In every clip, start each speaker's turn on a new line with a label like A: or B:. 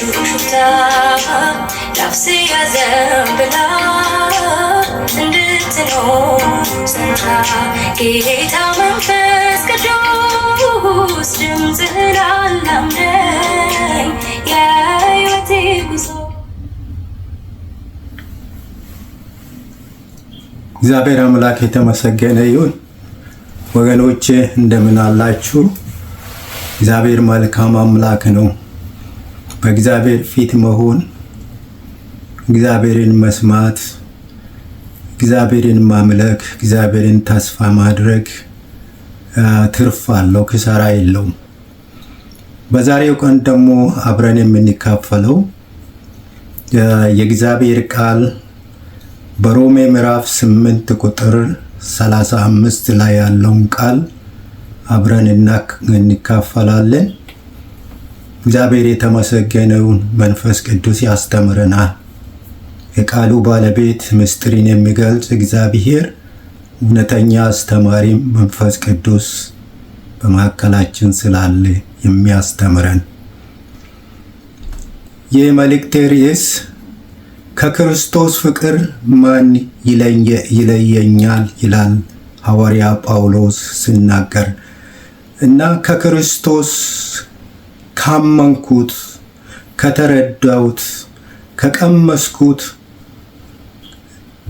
A: ሹሩሹታ ላፍሴ ያዘንብላ እንድትኖር ሰንታ ጌታ መንፈስ ቅዱስ ድምፅህን አላምነኝ የሕይወቴ ጉዞ እግዚአብሔር አምላክ የተመሰገነ ይሁን። ወገኖቼ እንደምን አላችሁ? እግዚአብሔር መልካም አምላክ ነው። በእግዚአብሔር ፊት መሆን፣ እግዚአብሔርን መስማት፣ እግዚአብሔርን ማምለክ፣ እግዚአብሔርን ተስፋ ማድረግ ትርፍ አለው፣ ኪሳራ የለውም። በዛሬው ቀን ደግሞ አብረን የምንካፈለው የእግዚአብሔር ቃል በሮሜ ምዕራፍ 8 ቁጥር 35 ላይ ያለውን ቃል አብረን እንካፈላለን። እግዚአብሔር የተመሰገነውን መንፈስ ቅዱስ ያስተምረናል። የቃሉ ባለቤት ምስጢርን የሚገልጽ እግዚአብሔር እውነተኛ አስተማሪም መንፈስ ቅዱስ በመካከላችን ስላለ የሚያስተምረን ይህ ርዕስ ከክርስቶስ ፍቅር ማን ይለየኛል ይላል ሐዋርያ ጳውሎስ ሲናገር እና ከክርስቶስ ካመንኩት፣ ከተረዳሁት፣ ከቀመስኩት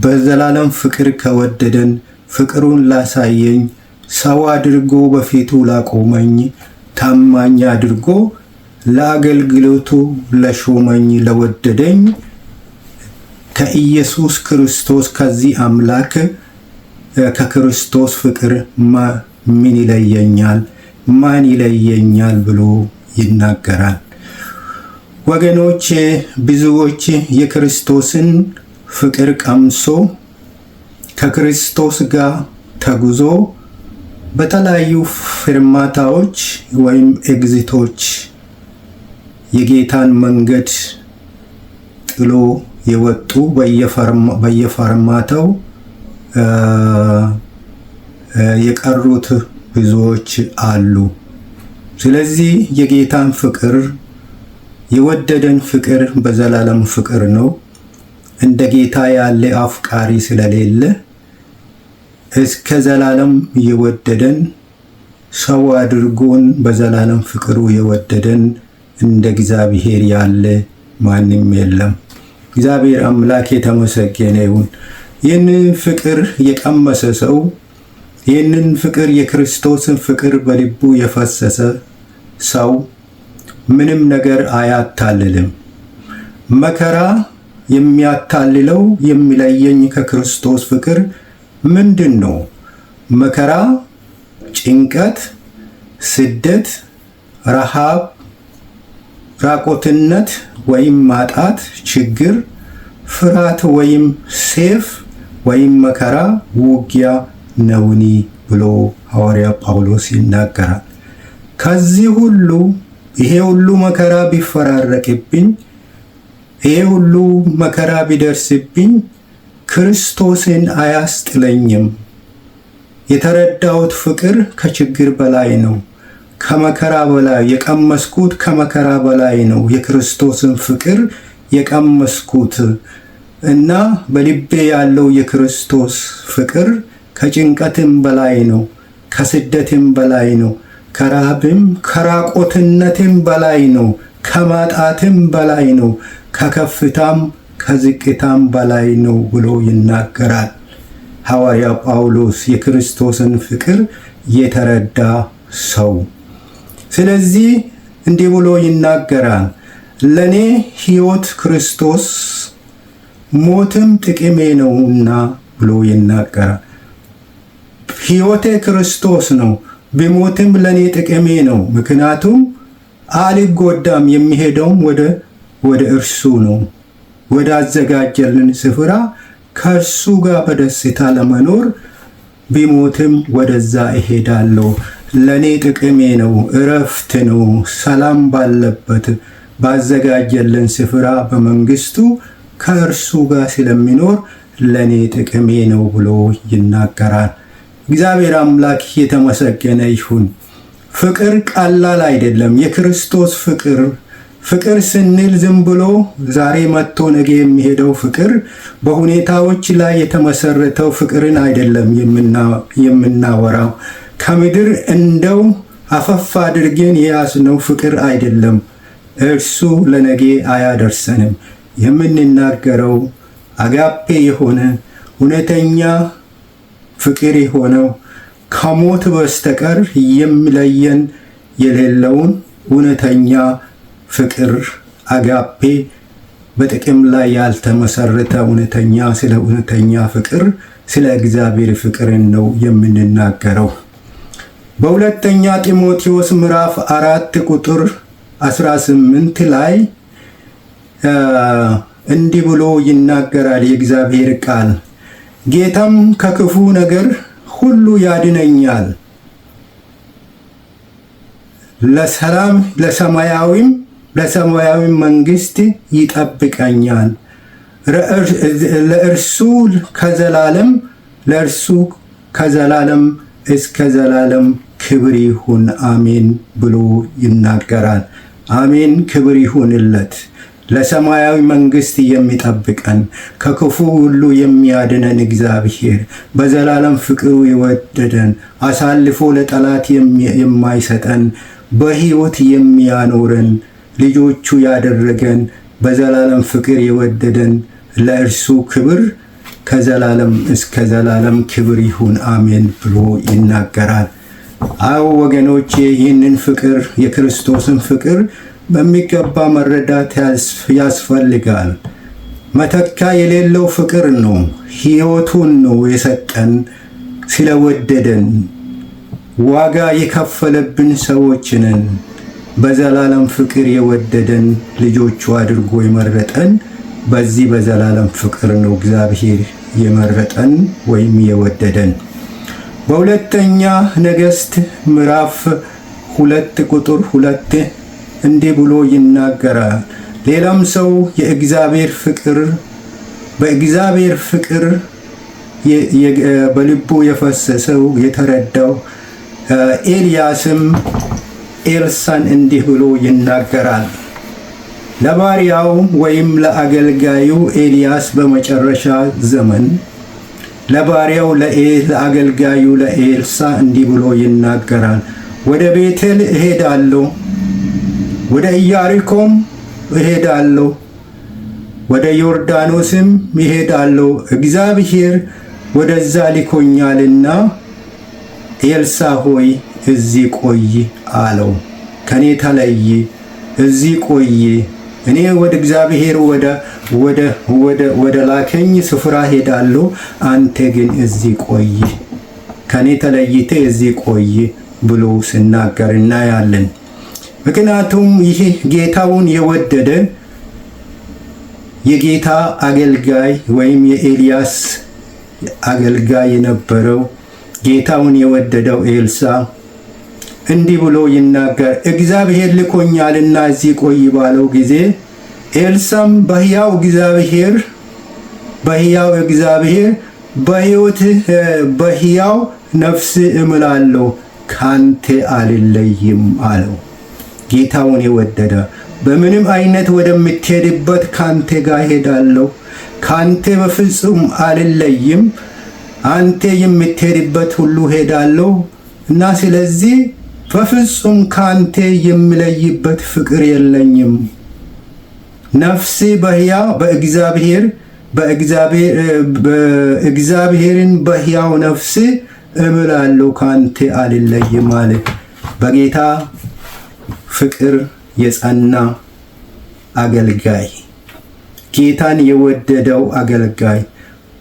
A: በዘላለም ፍቅር ከወደደን ፍቅሩን ላሳየኝ ሰው አድርጎ በፊቱ ላቆመኝ ታማኝ አድርጎ ለአገልግሎቱ ለሾመኝ ለወደደኝ ከኢየሱስ ክርስቶስ ከዚህ አምላክ ከክርስቶስ ፍቅር ምን ይለየኛል? ማን ይለየኛል ብሎ ይናገራል። ወገኖች ብዙዎች የክርስቶስን ፍቅር ቀምሶ ከክርስቶስ ጋር ተጉዞ በተለያዩ ፍርማታዎች ወይም ኤግዚቶች የጌታን መንገድ ጥሎ የወጡ በየፈርማታው የቀሩት ብዙዎች አሉ። ስለዚህ የጌታን ፍቅር የወደደን ፍቅር በዘላለም ፍቅር ነው። እንደ ጌታ ያለ አፍቃሪ ስለሌለ እስከ ዘላለም የወደደን ሰው አድርጎን በዘላለም ፍቅሩ የወደደን እንደ እግዚአብሔር ያለ ማንም የለም። እግዚአብሔር አምላክ የተመሰገነ ይሁን። ይህንን ፍቅር የቀመሰ ሰው ይህንን ፍቅር የክርስቶስን ፍቅር በልቡ የፈሰሰ ሰው ምንም ነገር አያታልልም። መከራ የሚያታልለው የሚለየኝ ከክርስቶስ ፍቅር ምንድን ነው? መከራ፣ ጭንቀት፣ ስደት፣ ረሃብ፣ ራቆትነት ወይም ማጣት፣ ችግር፣ ፍርሃት ወይም ሴፍ ወይም መከራ ውጊያ ነውኒ ብሎ ሐዋርያ ጳውሎስ ይናገራል። ከዚህ ሁሉ ይሄ ሁሉ መከራ ቢፈራረቅብኝ፣ ይሄ ሁሉ መከራ ቢደርስብኝ ክርስቶስን አያስጥለኝም። የተረዳሁት ፍቅር ከችግር በላይ ነው፣ ከመከራ በላይ የቀመስኩት ከመከራ በላይ ነው። የክርስቶስን ፍቅር የቀመስኩት እና በልቤ ያለው የክርስቶስ ፍቅር ከጭንቀትም በላይ ነው፣ ከስደትም በላይ ነው። ከረሃብም ከራቆትነትም በላይ ነው። ከማጣትም በላይ ነው። ከከፍታም ከዝቅታም በላይ ነው ብሎ ይናገራል። ሐዋርያ ጳውሎስ የክርስቶስን ፍቅር የተረዳ ሰው። ስለዚህ እንዲህ ብሎ ይናገራል። ለእኔ ሕይወት ክርስቶስ ሞትም ጥቅሜ ነውና ብሎ ይናገራል። ሕይወቴ ክርስቶስ ነው ብሞትም ለእኔ ጥቅሜ ነው፣ ምክንያቱም አልጎዳም። የሚሄደውም ወደ ወደ እርሱ ነው፣ አዘጋጀልን ስፍራ ከእርሱ ጋር በደስታ ለመኖር ቢሞትም ወደዛ እሄዳለሁ። ለእኔ ጥቅሜ ነው፣ እረፍት ነው። ሰላም ባለበት ባዘጋጀልን ስፍራ በመንግስቱ ከእርሱ ጋር ስለሚኖር ለእኔ ጥቅሜ ነው ብሎ ይናገራል። እግዚአብሔር አምላክ የተመሰገነ ይሁን። ፍቅር ቀላል አይደለም። የክርስቶስ ፍቅር ፍቅር ስንል ዝም ብሎ ዛሬ መጥቶ ነገ የሚሄደው ፍቅር በሁኔታዎች ላይ የተመሰረተው ፍቅርን አይደለም የምናወራው። ከምድር እንደው አፈፍ አድርገን የያዝነው ፍቅር አይደለም። እርሱ ለነገ አያደርሰንም። የምንናገረው አጋፔ የሆነ እውነተኛ ፍቅር የሆነው ከሞት በስተቀር የሚለየን የሌለውን እውነተኛ ፍቅር አጋፔ በጥቅም ላይ ያልተመሰረተ እውነተኛ ስለ እውነተኛ ፍቅር ስለ እግዚአብሔር ፍቅርን ነው የምንናገረው። በሁለተኛ ጢሞቴዎስ ምዕራፍ አራት ቁጥር 18 ላይ እንዲህ ብሎ ይናገራል የእግዚአብሔር ቃል ጌታም ከክፉ ነገር ሁሉ ያድነኛል፣ ለሰላም ለሰማያዊም ለሰማያዊ መንግስት ይጠብቀኛል። ለእርሱ ከዘላለም ለእርሱ ከዘላለም እስከ ዘላለም ክብር ይሁን አሜን ብሎ ይናገራል። አሜን ክብር ይሁንለት። ለሰማያዊ መንግስት የሚጠብቀን ከክፉ ሁሉ የሚያድነን እግዚአብሔር በዘላለም ፍቅሩ የወደደን አሳልፎ ለጠላት የማይሰጠን በሕይወት የሚያኖረን ልጆቹ ያደረገን በዘላለም ፍቅር የወደደን ለእርሱ ክብር ከዘላለም እስከ ዘላለም ክብር ይሁን አሜን ብሎ ይናገራል። አዎ ወገኖቼ ይህንን ፍቅር የክርስቶስን ፍቅር በሚገባ መረዳት ያስፈልጋል። መተካ የሌለው ፍቅር ነው። ሕይወቱን ነው የሰጠን ስለወደደን። ዋጋ የከፈለብን ሰዎች ነን። በዘላለም ፍቅር የወደደን ልጆቹ አድርጎ የመረጠን በዚህ በዘላለም ፍቅር ነው እግዚአብሔር የመረጠን ወይም የወደደን። በሁለተኛ ነገሥት ምዕራፍ ሁለት ቁጥር ሁለት እንዲህ ብሎ ይናገራል። ሌላም ሰው የእግዚአብሔር ፍቅር በእግዚአብሔር ፍቅር በልቡ የፈሰሰው የተረዳው ኤልያስም ኤልሳን እንዲህ ብሎ ይናገራል። ለባሪያው ወይም ለአገልጋዩ ኤልያስ በመጨረሻ ዘመን ለባሪያው ለአገልጋዩ ለኤልሳ እንዲህ ብሎ ይናገራል። ወደ ቤቴል እሄዳለሁ ወደ ኢያሪኮም እሄዳለሁ፣ ወደ ዮርዳኖስም እሄዳለሁ፣ እግዚአብሔር ወደዛ ልኮኛልና ኤልሳ ሆይ እዚህ ቆይ አለው። ከኔ ተለይ፣ እዚህ ቆይ፣ እኔ ወደ እግዚአብሔር ወደ ወደ ወደ ወደ ላከኝ ስፍራ ሄዳለሁ፣ አንተ ግን እዚህ ቆይ፣ ከኔ ተለይቴ እዚህ ቆይ ብሎ ሲናገር እናያለን። ምክንያቱም ይህ ጌታውን የወደደ የጌታ አገልጋይ ወይም የኤልያስ አገልጋይ የነበረው ጌታውን የወደደው ኤልሳ እንዲህ ብሎ ይናገር፣ እግዚአብሔር ልኮኛልና እዚህ ቆይ ባለው ጊዜ ኤልሳም በሕያው እግዚአብሔር በሕያው እግዚአብሔር በሕይወትህ በሕያው ነፍስ እምላለሁ ካንተ አልለይም አለው። ጌታውን የወደደ በምንም አይነት ወደምትሄድበት ካንተ ጋር ሄዳለሁ፣ ካንተ በፍጹም አልለይም፣ አንተ የምትሄድበት ሁሉ ሄዳለሁ እና ስለዚህ በፍጹም ካንተ የምለይበት ፍቅር የለኝም። ነፍሴ በሕያው በእግዚአብሔር በእግዚአብሔርን በሕያው ነፍሴ እምላለሁ፣ ካንተ አልለይም አለ በጌታ ፍቅር የጸና አገልጋይ ጌታን የወደደው አገልጋይ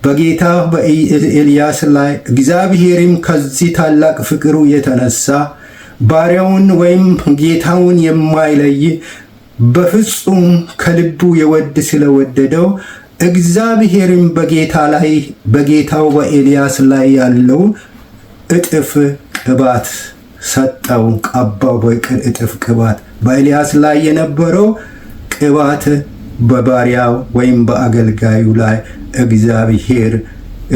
A: በጌታ በኤልያስ ላይ እግዚአብሔርም ከዚህ ታላቅ ፍቅሩ የተነሳ ባሪያውን ወይም ጌታውን የማይለይ በፍጹም ከልቡ የወድ ስለወደደው እግዚአብሔርም በጌታ ላይ በጌታው በኤልያስ ላይ ያለው እጥፍ ቅባት ሰጠው፣ ቀባው በቅን እጥፍ ቅባት። በኤልያስ ላይ የነበረው ቅባት በባሪያው ወይም በአገልጋዩ ላይ እግዚአብሔር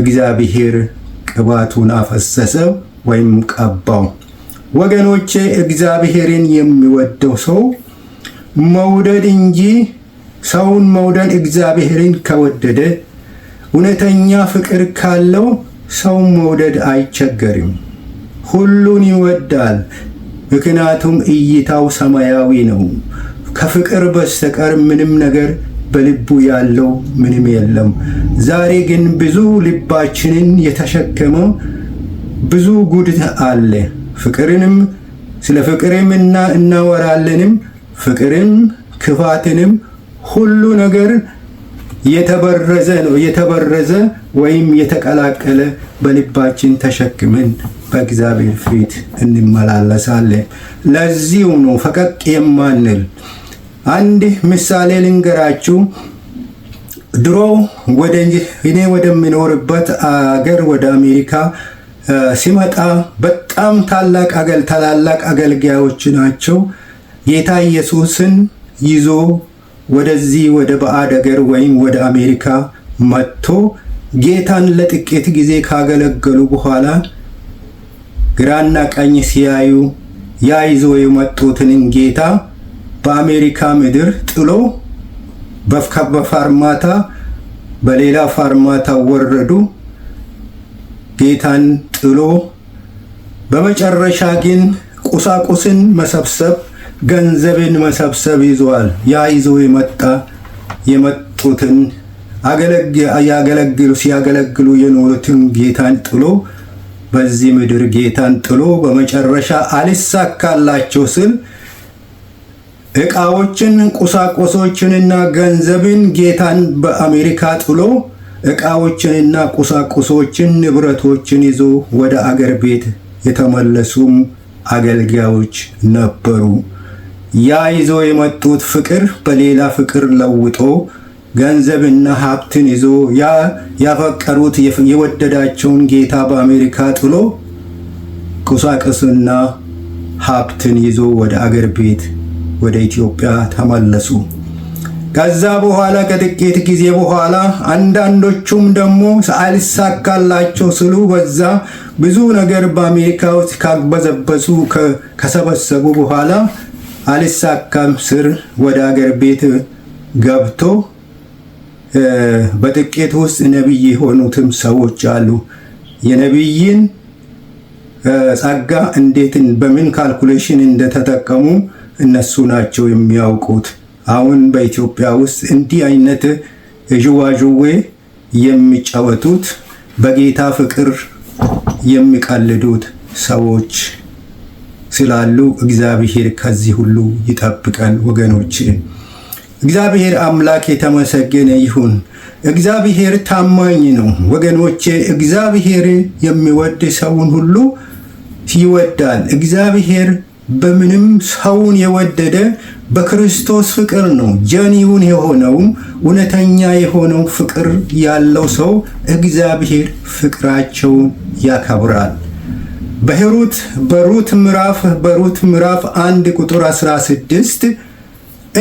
A: እግዚአብሔር ቅባቱን አፈሰሰው ወይም ቀባው። ወገኖቼ እግዚአብሔርን የሚወደው ሰው መውደድ እንጂ ሰውን መውደድ እግዚአብሔርን ከወደደ እውነተኛ ፍቅር ካለው ሰውን መውደድ አይቸገርም። ሁሉን ይወዳል፣ ምክንያቱም እይታው ሰማያዊ ነው። ከፍቅር በስተቀር ምንም ነገር በልቡ ያለው ምንም የለም። ዛሬ ግን ብዙ ልባችንን የተሸከመ ብዙ ጉድ አለ። ፍቅርንም ስለ ፍቅርም እና እናወራለንም ፍቅርም ክፋትንም ሁሉ ነገር የተበረዘ ነው። የተበረዘ ወይም የተቀላቀለ በልባችን ተሸክመን በእግዚአብሔር ፊት እንመላለሳለን። ለዚሁ ነው ፈቀቅ የማንል። አንድ ምሳሌ ልንገራችሁ። ድሮ እኔ ወደሚኖርበት አገር ወደ አሜሪካ ሲመጣ በጣም ታላቅ አገል ታላላቅ አገልጋዮች ናቸው ጌታ ኢየሱስን ይዞ ወደዚህ ወደ ባዕድ አገር ወይም ወደ አሜሪካ መጥቶ ጌታን ለጥቂት ጊዜ ካገለገሉ በኋላ ግራና ቀኝ ሲያዩ ያ ይዞ የመጡትን ጌታ በአሜሪካ ምድር ጥሎ በፋርማታ በሌላ ፋርማታ ወረዱ። ጌታን ጥሎ በመጨረሻ ግን ቁሳቁስን መሰብሰብ ገንዘብን መሰብሰብ ይዟል። ያ ይዞ የመጣ የመጡትን ያገለግሉ ሲያገለግሉ የኖሩትን ጌታን ጥሎ በዚህ ምድር ጌታን ጥሎ በመጨረሻ አልሳካላቸው ስል እቃዎችን ቁሳቁሶችንና ገንዘብን ጌታን በአሜሪካ ጥሎ እቃዎችንና ቁሳቁሶችን ንብረቶችን ይዞ ወደ አገር ቤት የተመለሱም አገልጋዮች ነበሩ። ያ ይዞ የመጡት ፍቅር በሌላ ፍቅር ለውጦ ገንዘብና ሀብትን ይዞ ያ ያፈቀሩት የወደዳቸውን ጌታ በአሜሪካ ጥሎ ቁሳቁስና ሀብትን ይዞ ወደ አገር ቤት ወደ ኢትዮጵያ ተመለሱ። ከዛ በኋላ ከጥቂት ጊዜ በኋላ አንዳንዶቹም ደግሞ አልሳካላቸው ስሉ በዛ ብዙ ነገር በአሜሪካ ውስጥ ካበዘበሱ ከሰበሰቡ በኋላ አልሳካም ስር ወደ አገር ቤት ገብቶ በጥቂት ውስጥ ነቢይ የሆኑትም ሰዎች አሉ። የነቢይን ጸጋ እንዴትን በምን ካልኩሌሽን እንደተጠቀሙ እነሱ ናቸው የሚያውቁት። አሁን በኢትዮጵያ ውስጥ እንዲህ አይነት ዥዋዥዌ የሚጫወቱት በጌታ ፍቅር የሚቀልዱት ሰዎች ስላሉ እግዚአብሔር ከዚህ ሁሉ ይጠብቀን ወገኖች። እግዚአብሔር አምላክ የተመሰገነ ይሁን። እግዚአብሔር ታማኝ ነው ወገኖቼ። እግዚአብሔር የሚወድ ሰውን ሁሉ ይወዳል። እግዚአብሔር በምንም ሰውን የወደደ በክርስቶስ ፍቅር ነው። ጀኒውን የሆነውም እውነተኛ የሆነው ፍቅር ያለው ሰው እግዚአብሔር ፍቅራቸውን ያከብራል። በሩት በሩት ምዕራፍ በሩት ምዕራፍ አንድ ቁጥር 16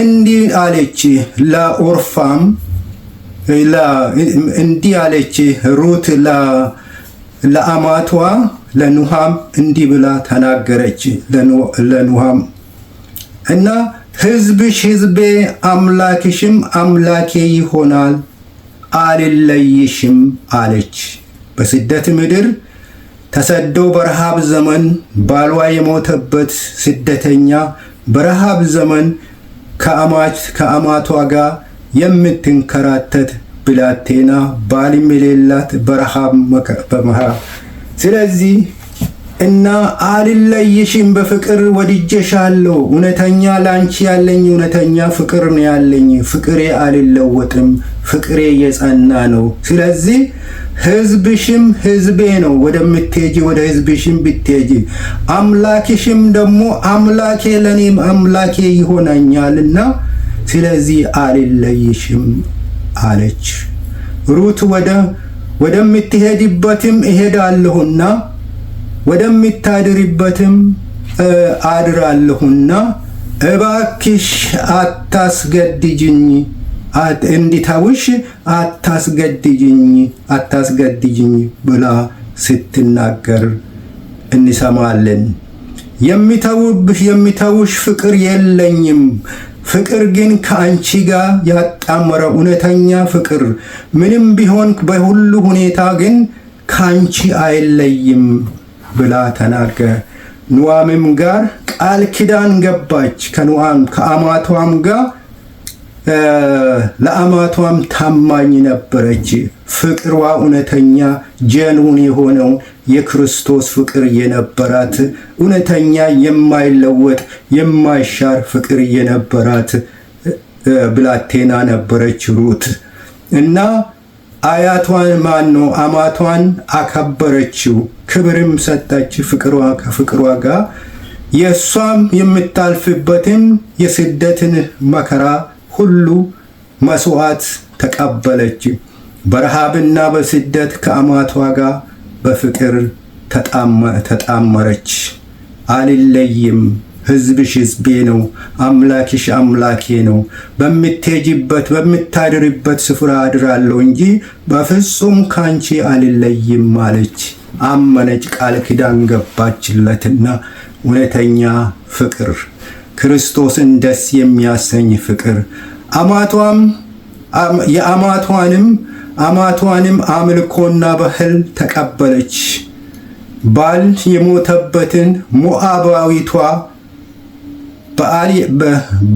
A: እንዲህ አለች ለኦርፋም እንዲህ አለች ሩት ለአማቷ ለኑሃም እንዲህ ብላ ተናገረች። ለኑሃም እና ህዝብሽ ህዝቤ አምላክሽም አምላኬ ይሆናል፣ አልለይሽም አለች በስደት ምድር ተሰዶ በረሃብ ዘመን ባሏ የሞተበት ስደተኛ በረሃብ ዘመን ከአማች ከአማቷ ጋር የምትንከራተት ብላቴና ባልም የሌላት በረሃብ መከራ። ስለዚህ እና አልለይሽም በፍቅር ወድጀሻለሁ። እውነተኛ ላንቺ ያለኝ እውነተኛ ፍቅር ነው ያለኝ። ፍቅሬ አልለወጥም፣ ፍቅሬ የጸና ነው። ስለዚህ ህዝብሽም ህዝቤ ነው። ወደምትሄጂ ወደ ህዝብሽም ብትሄጂ አምላክሽም ደግሞ አምላኬ ለእኔም አምላኬ ይሆነኛልና ስለዚህ አልለይሽም አለች ሩት። ወደ ወደምትሄድበትም እሄዳለሁና ወደሚታድሪበትም አድራለሁና እባክሽ አታስገድጅኝ፣ እንዲታውሽ አታስገድጅኝ፣ አታስገድጅኝ ብላ ስትናገር እንሰማለን። የሚተውብሽ የሚተውሽ ፍቅር የለኝም። ፍቅር ግን ከአንቺ ጋር ያጣመረ እውነተኛ ፍቅር ምንም ቢሆን በሁሉ ሁኔታ ግን ከአንቺ አይለይም ብላ ተናገረ። ኑዋምም ጋር ቃል ኪዳን ገባች። ከኑዋም ከአማቷም ጋር ለአማቷም ታማኝ ነበረች። ፍቅሯ እውነተኛ ጀኑን የሆነው የክርስቶስ ፍቅር የነበራት እውነተኛ የማይለወጥ የማይሻር ፍቅር የነበራት ብላቴና ነበረች ሩት እና አያቷን ማን ነው አማቷን አከበረችው፣ ክብርም ሰጠችው ፍቅሯ ከፍቅሯ ጋር የእሷም የምታልፍበትን የስደትን መከራ ሁሉ መስዋዕት ተቀበለች። በረሃብና በስደት ከአማቷ ጋር በፍቅር ተጣመረች። አልለይም ህዝብሽ ህዝቤ ነው፣ አምላክሽ አምላኬ ነው። በምትሄጂበት በምታድርበት ስፍራ አድራለሁ እንጂ በፍጹም ካንቺ አልለይም አለች። አመነች፣ ቃል ኪዳን ገባችለትና እውነተኛ ፍቅር፣ ክርስቶስን ደስ የሚያሰኝ ፍቅር አማቷም የአማቷንም አማቷንም አምልኮና ባህል ተቀበለች። ባል የሞተበትን ሞአባዊቷ።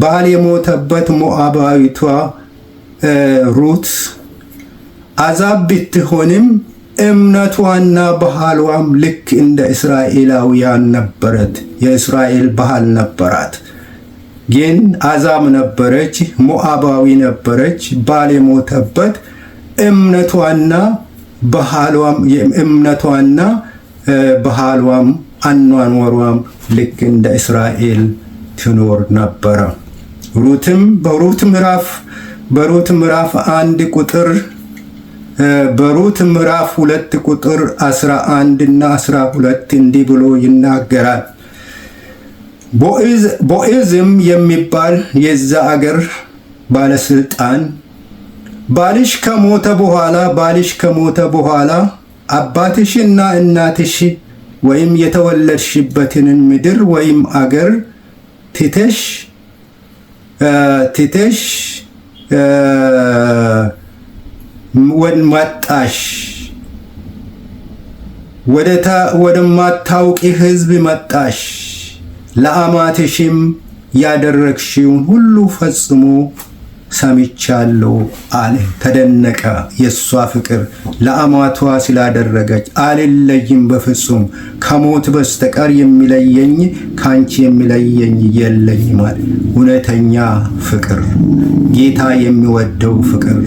A: ባል የሞተበት ሞዓባዊቷ ሩት አዛብ ብትሆንም እምነቷና ባህሏም ልክ እንደ እስራኤላውያን ነበረት። የእስራኤል ባህል ነበራት። ግን አዛብ ነበረች፣ ሞዓባዊ ነበረች። ባል የሞተበት እምነቷና ባህሏም የእምነቷና ባህሏም አኗኗሯም ልክ እንደ እስራኤል ትኖር ነበረ። ሩትም በሩት ምዕራፍ በሩት ምዕራፍ አንድ ቁጥር በሩት ምዕራፍ ሁለት ቁጥር አስራ አንድ እና አስራ ሁለት እንዲህ ብሎ ይናገራል። ቦኤዝም የሚባል የዛ አገር ባለስልጣን ባልሽ ከሞተ በኋላ ባልሽ ከሞተ በኋላ አባትሽና እናትሽ ወይም የተወለድሽበትን ምድር ወይም አገር ቲተሽ መጣሽ ወንማጣሽ ወደማታውቂ ህዝብ መጣሽ። ለአማትሽም ያደረግሽውን ሁሉ ፈጽሞ ሰምቻለሁ አለ። ተደነቀ የእሷ ፍቅር ለአማቷ ስላደረገች። አልለይም በፍጹም ከሞት በስተቀር የሚለየኝ ከአንቺ የሚለየኝ የለኝም አለ። እውነተኛ ፍቅር፣ ጌታ የሚወደው ፍቅር፣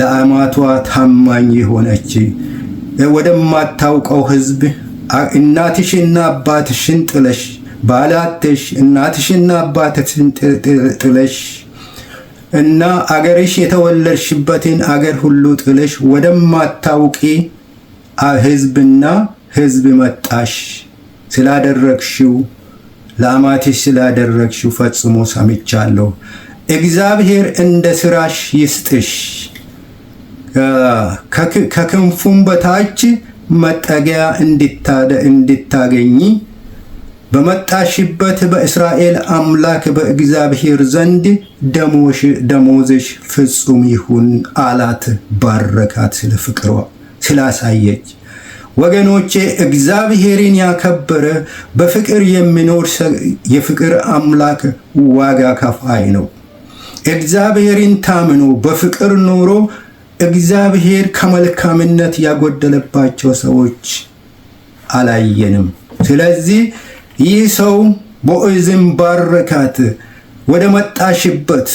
A: ለአማቷ ታማኝ የሆነች ወደማታውቀው ሕዝብ እናትሽና አባትሽን ጥለሽ ባላትሽ እናትሽና አባትሽን ጥለሽ እና አገርሽ የተወለድሽበትን አገር ሁሉ ጥለሽ ወደማታውቂ ህዝብና ህዝብ መጣሽ። ስላደረግሽው ለአማትሽ ስላደረግሽው ፈጽሞ ሰምቻለሁ። እግዚአብሔር እንደ ስራሽ ይስጥሽ፣ ከክንፉም በታች መጠጊያ እንድታገኝ በመጣሽበት በእስራኤል አምላክ በእግዚአብሔር ዘንድ ደሞሽ ደሞዝሽ ፍጹም ይሁን አላት። ባረካት ስለ ፍቅሯ ስላሳየች። ወገኖቼ እግዚአብሔርን ያከበረ በፍቅር የሚኖር የፍቅር አምላክ ዋጋ ከፋይ ነው። እግዚአብሔርን ታምኖ በፍቅር ኖሮ እግዚአብሔር ከመልካምነት ያጎደለባቸው ሰዎች አላየንም። ስለዚህ ይህ ሰው ቦዔዝም ባረካት፣ ወደ መጣሽበት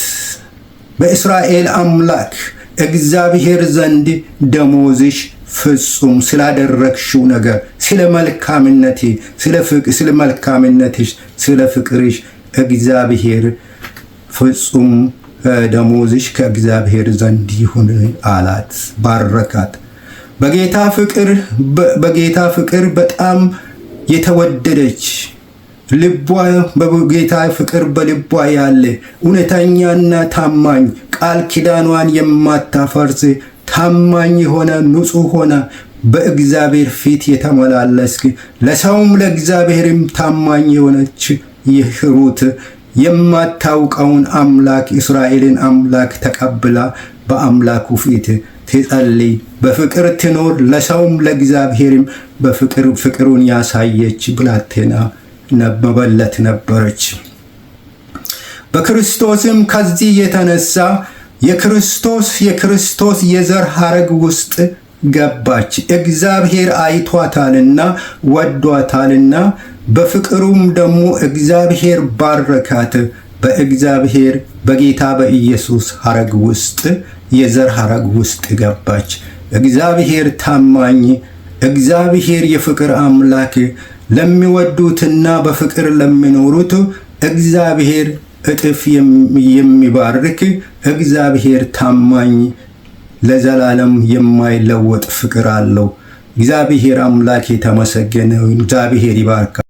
A: በእስራኤል አምላክ እግዚአብሔር ዘንድ ደሞዝሽ ፍጹም ስላደረግሽው ነገር፣ ስለ መልካምነቴ፣ ስለ መልካምነትሽ፣ ስለ ፍቅርሽ እግዚአብሔር ፍጹም ደሞዝሽ ከእግዚአብሔር ዘንድ ይሁን አላት። ባረካት። በጌታ ፍቅር በጌታ ፍቅር በጣም የተወደደች ልቧ በጌታ ፍቅር በልቧ ያለ እውነተኛና ታማኝ ቃል ኪዳኗን የማታፈርስ ታማኝ የሆነ ንጹሕ ሆነ በእግዚአብሔር ፊት የተመላለስክ ለሰውም ለእግዚአብሔርም ታማኝ የሆነች ይህሩት የማታውቀውን አምላክ እስራኤልን አምላክ ተቀብላ በአምላኩ ፊት ትጸልይ በፍቅር ትኖር ለሰውም ለእግዚአብሔርም በፍቅር ፍቅሩን ያሳየች ብላቴና ነበበለት ነበረች። በክርስቶስም ከዚህ የተነሳ የክርስቶስ የክርስቶስ የዘር ሐረግ ውስጥ ገባች። እግዚአብሔር አይቷታልና ወዷታልና፣ በፍቅሩም ደግሞ እግዚአብሔር ባረካት። በእግዚአብሔር በጌታ በኢየሱስ ሐረግ ውስጥ የዘር ሐረግ ውስጥ ገባች። እግዚአብሔር ታማኝ፣ እግዚአብሔር የፍቅር አምላክ ለሚወዱትና በፍቅር ለሚኖሩት እግዚአብሔር እጥፍ የሚባርክ እግዚአብሔር ታማኝ ለዘላለም የማይለወጥ ፍቅር አለው። እግዚአብሔር አምላክ የተመሰገነ እግዚአብሔር ይባርካል።